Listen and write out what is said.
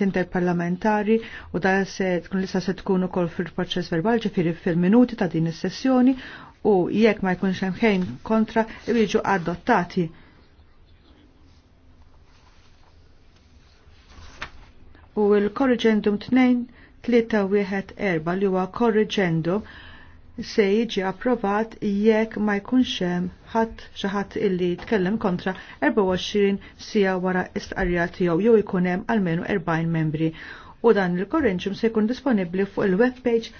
interparlamentari u da se tkun lissa se tkun ukoll fil-proċess verbal ġifiri fil-minuti ta' din is-sessjoni u jekk ma jkunx hemm ħejn kontra jiġu adottati. U l korrigendum tnejn tlieta wieħed erba' li huwa korriġendum se jiġi approvat jekk ma jkunx hemm ħadd xi ħadd illi tkellem kontra 24 sija wara istqarrija tiegħu jew ikun hemm almenu 40 membri u dan il-korrenċum se jkun disponibbli fuq il-webpage